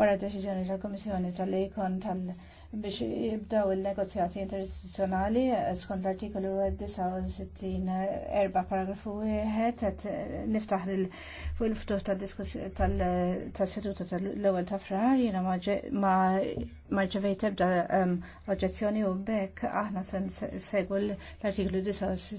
Wara deċiżjoni tal-Komissjoni tal-Ekon tal biex jibdaw il-negozjati interistituzzjonali eh, skont l-artikolu 69 paragrafu 1 qed eh, niftaħ fuq il-ftuħ tal-seduta tal-ewwel ta' frar jiena ma ġevejt ebda ehm, oġġezzjoni u bekk aħna se segwu l-artiklu 69